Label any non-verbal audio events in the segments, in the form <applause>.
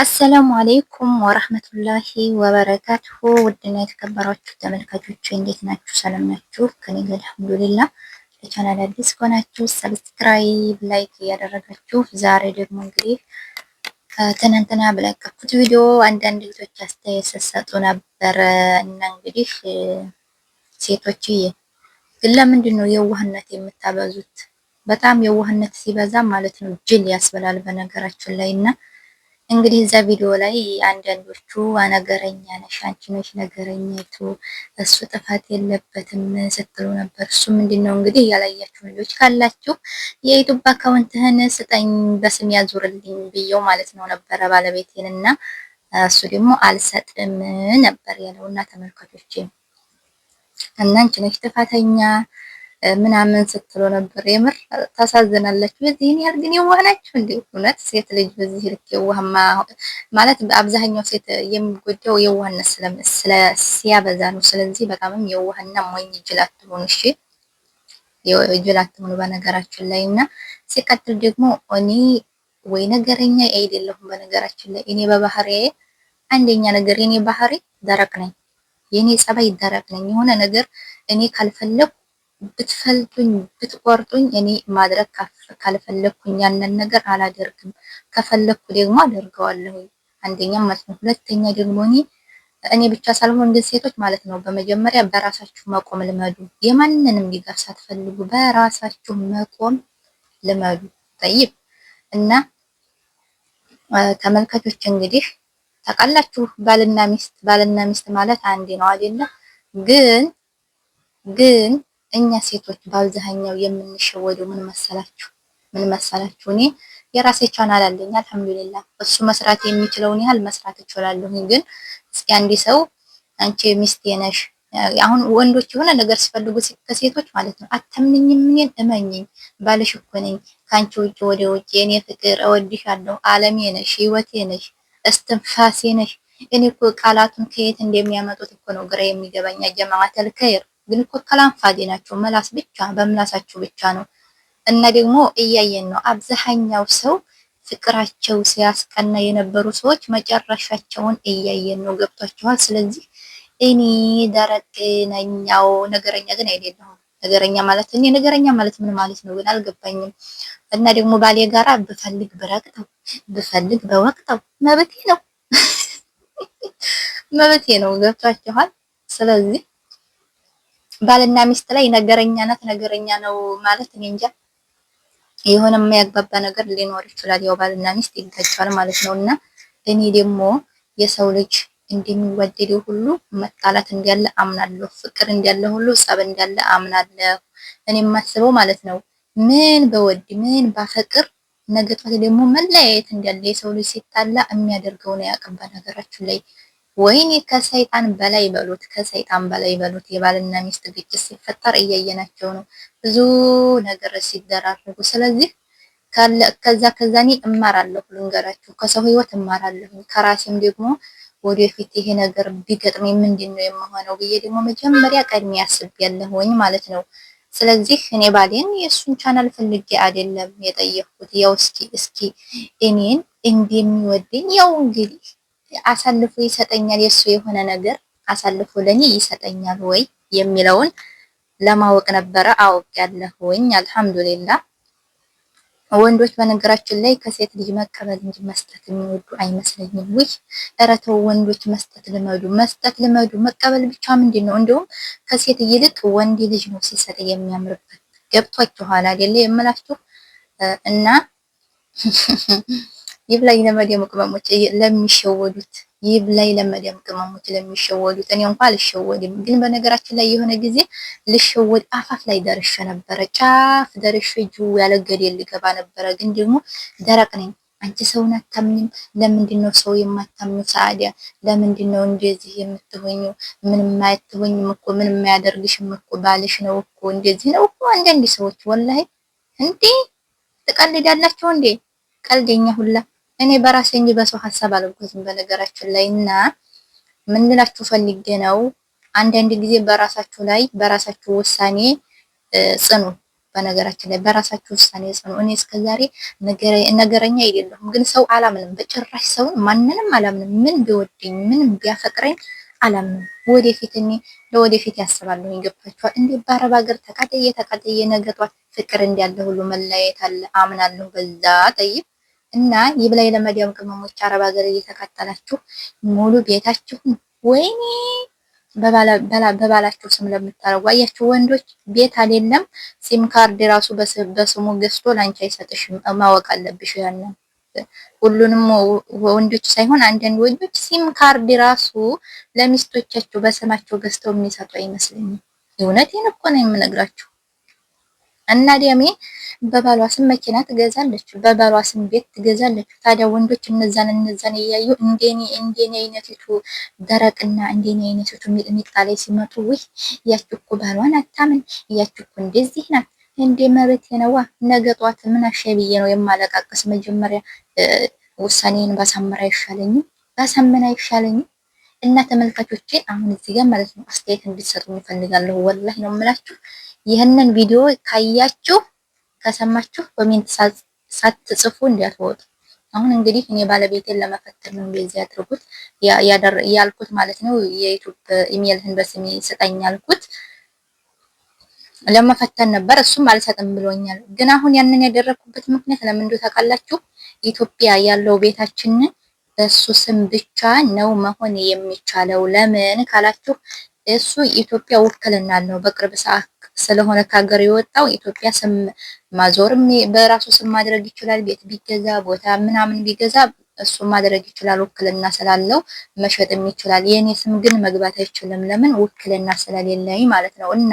አሰላሙ አሌይኩም ወረህመቱላሂ ወበረካቱሁ ውድና የተከበራችሁ ተመልካቾች እንዴት ናችሁ? ሰላም ናችሁ? ከኔ ጋር አልሐምዱሊላ። ለቻናል አዲስ ከሆናችሁ ሰብስክራይብ፣ ላይክ እያደረጋችሁ ዛሬ ደግሞ እንግዲህ ትናንትና በለቀኩት ቪዲዮ አንዳንድ ልጆች አስተያየት ስትሰጡ ነበረ እና እንግዲህ ሴቶችዬ ግን ለምንድን ነው የዋህነት የምታበዙት? በጣም የዋህነት ሲበዛ ማለት ነው ጅል ያስበላል በነገራችን ላይ እና እንግዲህ እዛ ቪዲዮ ላይ አንዳንዶቹ ነገረኛ ነሽ፣ አንቺ ነሽ ነገረኛቱ እሱ ጥፋት የለበትም ስትሉ ነበር። እሱ ምንድን ነው እንግዲህ ያላያችሁ ልጆች ካላችሁ የዩቱብ አካውንትህን ስጠኝ በስም ያዙርልኝ ብየው ማለት ነው ነበረ ባለቤቴን እና እሱ ደግሞ አልሰጥም ነበር ያለው እና ተመልካቾቼ እና አንቺ ነሽ ጥፋተኛ ምናምን ስትሎ ነበር። የምር ታሳዝናላችሁ። በዚህን ያህል ግን የዋህ እንዴ? እውነት ሴት ልጅ በዚህ ልክ የዋህማ ማለት አብዛኛው ሴት የሚጎዳው የዋህነት ሲያበዛ ነው። ስለዚህ በጣምም የዋህና ሞኝ ጅል አትሆኑ፣ እሺ ጅል አትሆኑ በነገራችን ላይ እና ሲቀጥል ደግሞ እኔ ወይ ነገረኛ አይደለሁም። በነገራችን ላይ እኔ በባህሪ አንደኛ ነገር የኔ ባህሪ ደረቅ ነኝ። የኔ ጸባይ ደረቅ ነኝ። የሆነ ነገር እኔ ካልፈለኩ ብትፈልጡኝ ብትቆርጡኝ እኔ ማድረግ ካልፈለግኩኝ ያንን ነገር አላደርግም። ከፈለግኩ ደግሞ አደርገዋለሁ። አንደኛ ማለት ነው። ሁለተኛ ደግሞ እኔ እኔ ብቻ ሳልሆን ግን ሴቶች ማለት ነው፣ በመጀመሪያ በራሳችሁ መቆም ልመዱ። የማንንም ድጋፍ ሳትፈልጉ በራሳችሁ መቆም ልመዱ። ጠይብ እና ተመልካቾች እንግዲህ ታውቃላችሁ ባልና ሚስት ባልና ሚስት ማለት አንዴ ነው አይደለ? ግን ግን እኛ ሴቶች በአብዛኛው የምንሸወደው ምን መሰላችሁ? ምን መሰላችሁ? እኔ የራሴ ቻናል አለኝ አልሐምዱሊላ። እሱ መስራት የሚችለውን ያህል መስራት እችላለሁ። ግን እስኪ አንድ ሰው አንቺ ሚስቴ ነሽ አሁን ወንዶች የሆነ ነገር ሲፈልጉ ከሴቶች ማለት ነው። አታምንኝም? እኔን እመኝኝ፣ ባልሽ እኮ ነኝ። ከአንቺ ውጭ ወደ ውጭ የኔ ፍቅር እወድሻለሁ፣ አለሜ ነሽ፣ ህይወቴ ነሽ፣ እስትንፋሴ ነሽ። እኔ እኮ ቃላቱን ከየት እንደሚያመጡት እኮ ነው ግራ የሚገባኝ። ጀማዓተል ከይር ግን እኮ ከላንፋዴ ናቸው። መላስ ብቻ በምላሳቸው ብቻ ነው። እና ደግሞ እያየን ነው። አብዛኛው ሰው ፍቅራቸው ሲያስቀና የነበሩ ሰዎች መጨረሻቸውን እያየን ነው። ገብቷቸዋል። ስለዚህ እኔ ደረቅ ነኛው ነገረኛ ግን አይደለሁም። ነገረኛ ማለት እኔ ነገረኛ ማለት ምን ማለት ነው ግን አልገባኝም። እና ደግሞ ባሌ ጋራ ብፈልግ ብረቅጠው ብፈልግ በወቅጠው መብቴ ነው <laughs> መብቴ ነው። ገብቷቸዋል። ስለዚህ ባልና ሚስት ላይ ነገረኛ ናት ነገረኛ ነው ማለት እኔ እንጃ የሆነ የማያግባባ ነገር ሊኖር ይችላል። ያው ባልና ሚስት ይጋጫል ማለት ነው። እና እኔ ደግሞ የሰው ልጅ እንደሚወደደው ሁሉ መጣላት እንዳለ አምናለሁ፣ ፍቅር እንዳለ ሁሉ ጸብ እንዳለ አምናለሁ። እኔ የማስበው ማለት ነው ምን በወድ ምን ባፈቅር ነገቷት ደግሞ መለያየት እንዳለ የሰው ልጅ ሲጣላ የሚያደርገውን ያቀባ ነገራችን ላይ ወይኔ ከሰይጣን በላይ በሉት፣ ከሰይጣን በላይ በሉት። የባልና ሚስት ግጭት ሲፈጠር እያየናቸው ነው፣ ብዙ ነገር ሲደራርጉ። ስለዚህ ከዛ ከዛኔ እማራለሁ ልንገራችሁ፣ ከሰው ህይወት እማራለሁ፣ ከራሴም ደግሞ ወደፊት ይሄ ነገር ቢገጥም ምንድን ነው የማሆነው ብዬ ደግሞ መጀመሪያ ቀድሜ ወይ ማለት ነው። ስለዚህ እኔ ባሌን የእሱን ቻናል ፈልጌ አይደለም የጠየኩት፣ ያው እስኪ እስኪ እኔን እንደሚወደኝ ያው እንግዲህ አሳልፎ ይሰጠኛል፣ የሱ የሆነ ነገር አሳልፎ ለኔ ይሰጠኛል ወይ የሚለውን ለማወቅ ነበረ። አውቅ ያለሁኝ አልሐምዱሊላ። ወንዶች በነገራችን ላይ ከሴት ልጅ መቀበል እንጂ መስጠት የሚወዱ አይመስለኝም። ውይ እረተው ወንዶች መስጠት ልመዱ፣ መስጠት ልመዱ። መቀበል ብቻ ምንድን ነው? እንዲሁም ከሴት ይልቅ ወንድ ልጅ ነው ሲሰጥ የሚያምርበት። ገብቷችኋል አይደለ የምላችሁ እና <laughs> ይብላኝ ለመዲያም ቅመሞች ለሚሸወዱት ይብላኝ ለመዲያም ቅመሞች ለሚሸወዱት። እኔ እንኳ አልሸወድም፣ ግን በነገራችን ላይ የሆነ ጊዜ ልሸወድ አፋፍ ላይ ደርሼ ነበረ። ጫፍ ደርሼ እጁ ያለ ገደል ልገባ ነበረ። ግን ደግሞ ደረቅ ነኝ። አንቺ ሰውን አታምኝም። ለምንድን ነው ሰው የማታምኙ? ሳዲያ ለምንድን ነው እንደዚህ የምትሆኙ? ምንም አያትሆኝም እኮ ምንም አያደርግሽም እኮ ባልሽ ነው እኮ እንደዚህ ነው እኮ። አንዳንድ ሰዎች ወላሂ እንዴ ትቀልዳላችሁ እንዴ? ቀልደኛ ሁላ እኔ በራሴ እንጂ በሰው ሀሳብ አልኩትም። በነገራችን ላይ እና ምን ልላችሁ ፈልጌ ነው፣ አንዳንድ ጊዜ በራሳችሁ ላይ በራሳችሁ ውሳኔ ጽኑ። በነገራችን ላይ በራሳችሁ ውሳኔ ጽኑ። እኔ እስከዛሬ ነገረኛ አይደለሁም፣ ግን ሰው አላምንም፣ በጭራሽ ሰውን ማንንም አላምንም። ምን ቢወደኝ ምን ቢያፈቅረኝ አላምንም። ወደፊት እኔ ለወደፊት ያስባለሁ። ይገባችኋል? እንዴ በአረብ ሀገር ተቃጠየ ተቃጠየ ነገቷል። ፍቅር እንዲያለ ሁሉ መለያየት አለ፣ አምናለሁ በዛ ጠይቅ እና ይብላኝ ለመዲያም ቅመሞች አረብ ሀገር እየተከተላችሁ ሙሉ ቤታችሁን ወይኔ በባላችሁ ስም ለምታረጉ አያችሁ ወንዶች ቤት አይደለም ሲም ካርድ ራሱ በስሙ ገዝቶ ላንቺ አይሰጥሽም። ማወቅ አለብሽ ያንን ሁሉንም ወንዶች ሳይሆን አንዳንድ ወንዶች ሲም ካርድ ራሱ ለሚስቶቻቸው በስማቸው ገዝተው የሚሰጡ አይመስለኝም። እውነቴን እኮ ነው የምነግራችሁ። እና ደሜ በባሏ ስም መኪና ትገዛለች፣ በባሏ ስም ቤት ትገዛለች። ታዲያ ወንዶች እነዛን እነዛን እያዩ እንደኔ እንደኔ አይነቲቱ ደረቅና እንደኔ አይነቲቱ ሚጥሚጣ ላይ ሲመጡ ውይ እያችኩ ባሏን አታምን፣ እያችኩ እንደዚህ ናት። እንዴ መሬት ነዋ። ነገ ጧት ምን አሻይ ብዬ ነው የማለቃቀስ መጀመሪያ ውሳኔን ባሳምር አይሻለኝም? ባሳምን አይሻለኝም? እና ተመልካቾቼ አሁን እዚህ ጋር ማለት ነው አስተያየት እንድትሰጡ እፈልጋለሁ። ወላሂ ነው የምላችሁ ይህንን ቪዲዮ ካያችሁ ከሰማችሁ ኮሜንት ሳትጽፉ እንዳትወጡ። አሁን እንግዲህ እኔ ባለቤቴን ለመፈተን ነው እንደዚህ ያድርጉት ያልኩት ማለት ነው። የዩቲዩብ ኢሜይልህን በስሜ ስጠኝ ያልኩት ለመፈተን ነበር። እሱም አልሰጥም ብሎኛል። ግን አሁን ያንን ያደረኩበት ምክንያት ለምን እንደው ታውቃላችሁ? ኢትዮጵያ ያለው ቤታችንን በሱ ስም ብቻ ነው መሆን የሚቻለው። ለምን ካላችሁ እሱ ኢትዮጵያ ውክልና ነው በቅርብ ሰዓት ስለሆነ ከሀገር የወጣው ኢትዮጵያ ስም ማዞርም በራሱ ስም ማድረግ ይችላል። ቤት ቢገዛ ቦታ ምናምን ቢገዛ እሱ ማድረግ ይችላል። ውክልና ስላለው መሸጥም ይችላል። የእኔ ስም ግን መግባት አይችልም። ለምን? ውክልና ስለሌለኝ ማለት ነው እና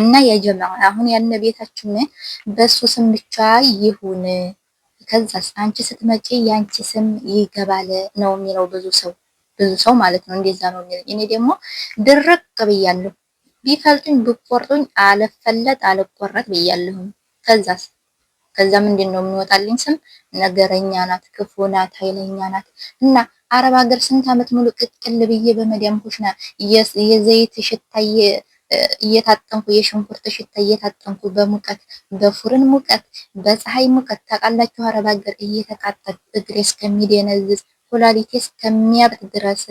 እና የጀማ አሁን ያለ ቤታችን በሱ ስም ብቻ ይሁን። ከዛስ አንቺ ስትመጪ የአንቺ ስም ይገባል ነው የሚለው ብዙ ሰው ብዙ ሰው ማለት ነው። እንደዛ ነው የሚለኝ። እኔ ደግሞ ድርቅ ብያለሁ። ቢፈልጡኝ ብቆርጡኝ አለፈለጥ አለቆረጥ ብያለሁም። ከዛስ ከዛ ምንድን ነው የምንወጣልኝ ስም? ነገረኛ ናት፣ ክፉ ናት፣ ኃይለኛ ናት እና አረብ ሀገር ስንት ዓመት ሙሉ ቅቅል ብዬ በመዲያም ኩሽና የዘይት ሽታ እየታጠንኩ የሽንኩርት ሽታ እየታጠንኩ በሙቀት በፉርን ሙቀት በፀሐይ ሙቀት ታውቃላችሁ፣ አረብ ሀገር እየተቃጠልኩ እግሬ እስከሚደነዝዝ ኩላሊቴ እስከሚያብጥ ድረስ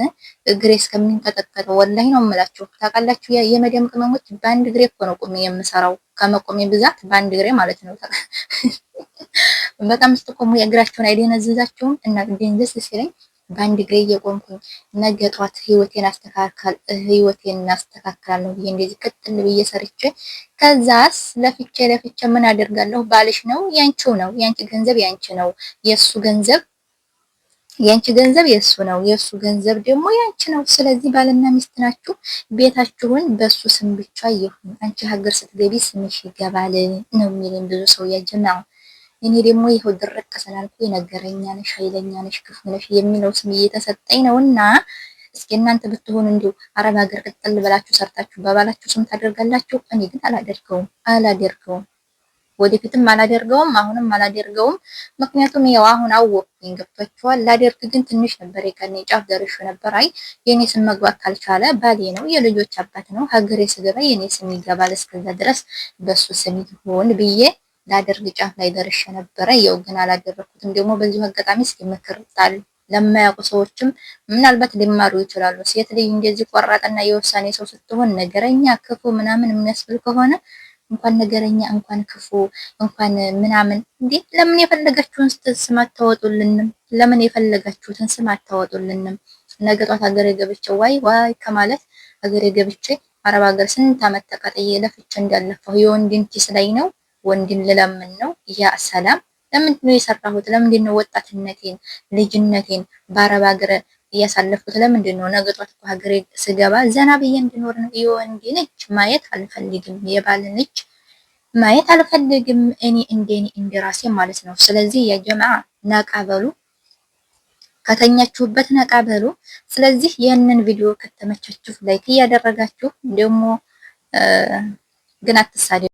እግሬ እስከሚንቀጠቀጠው ወላሂ ነው የምላችሁ። ታውቃላችሁ የመዲያም ቅመሞች በአንድ እግሬ እኮ ነው ቁሜ የምሰራው፣ ከመቆሜ ብዛት በአንድ እግሬ ማለት ነው። በጣም ስትቆሙ የእግራቸውን አይደነዝዛቸውም እና ደንዘዝ ሲለኝ በአንድ እግሬ እየቆምኩኝ ነገ ጧት ህይወቴን አስተካከል ህይወቴን እናስተካክላለሁ ብዬ እንደዚህ ቅጥል ብዬ ሰርቼ ከዛስ ለፍቼ ለፍቼ ምን አደርጋለሁ? ባልሽ ነው ያንቺው ነው ያንቺ ገንዘብ ያንቺ ነው የእሱ ገንዘብ ያንቺ ገንዘብ የሱ ነው፣ የሱ ገንዘብ ደግሞ ያንቺ ነው። ስለዚህ ባልና ሚስት ናችሁ። ቤታችሁን በሱ ስም ብቻ ይሁን። አንቺ ሀገር ስትገቢ ስምሽ ይገባል ነው የሚልን ብዙ ሰው ያጀና። እኔ ደግሞ ይሄው ድርቅ ስላልኩ ነገረኛ ነሽ፣ ኃይለኛ ነሽ፣ ክፉ ነሽ የሚለው ስም እየተሰጠኝ ነውና እስኪ እናንተ ብትሆኑ እንዲሁ አረብ ሀገር ቅጥል ብላችሁ ሰርታችሁ በባላችሁ ስም ታደርጋላችሁ። እኔ ግን አላደርገውም አላደርገውም። ወደፊትም አላደርገውም፣ አሁንም አላደርገውም። ምክንያቱም ያው አሁን አወቅኩኝ፣ ገብቷችኋል። ላደርግ ግን ትንሽ ነበር የቀን ጫፍ ደርሼ ነበር። አይ የኔ ስም መግባት ካልቻለ ባሌ ነው የልጆች አባት ነው፣ ሀገሬ ስገባ የኔ ስም ይገባል፣ እስከዛ ድረስ በሱ ስም ይሆን ብዬ ላደርግ ጫፍ ላይ ደርሼ ነበረ። ያው ግን አላደረኩትም። ደግሞ በዚሁ አጋጣሚ እስኪ ምክር ጣል ለማያውቁ ሰዎችም ምናልባት ሊማሩ ይችላሉ። ሴት ልጅ እንደዚህ ቆራጥና የውሳኔ ሰው ስትሆን ነገረኛ፣ ክፉ ምናምን የሚያስብል ከሆነ እንኳን ነገረኛ፣ እንኳን ክፉ፣ እንኳን ምናምን እንዴ! ለምን የፈለጋችሁን ስም አታወጡልንም? ለምን የፈለጋችሁትን ስም አታወጡልንም? ነገጧት ሀገር የገብቼ ዋይ ዋይ ከማለት ሀገር የገብቼ አረብ ሀገር ስንት አመት ተቃጥዬ ለፍቼ እንዳለፈው የወንድን ኪስ ላይ ነው ወንድን ልለምን ነው ያ ሰላም። ለምንድን ነው የሰራሁት? ለምንድን ነው ወጣትነቴን ልጅነቴን በአረብ ሀገር እያሳለፍኩት ለምንድን ነው? ነገ ጧት እኮ ሀገሬ ስገባ ዘና ብዬ እንድኖር ነው። የወንድን እጅ ማየት አልፈልግም። የባልን ማየት አልፈልግም። እኔ እንደኔ እንደራሴ ማለት ነው። ስለዚህ የጀማ ነቃ ከተኛችሁበት ነቃ በሉ። ስለዚህ ይህንን ቪዲዮ ከተመቻችሁ ላይክ እያደረጋችሁ ደግሞ ግን አትሳደ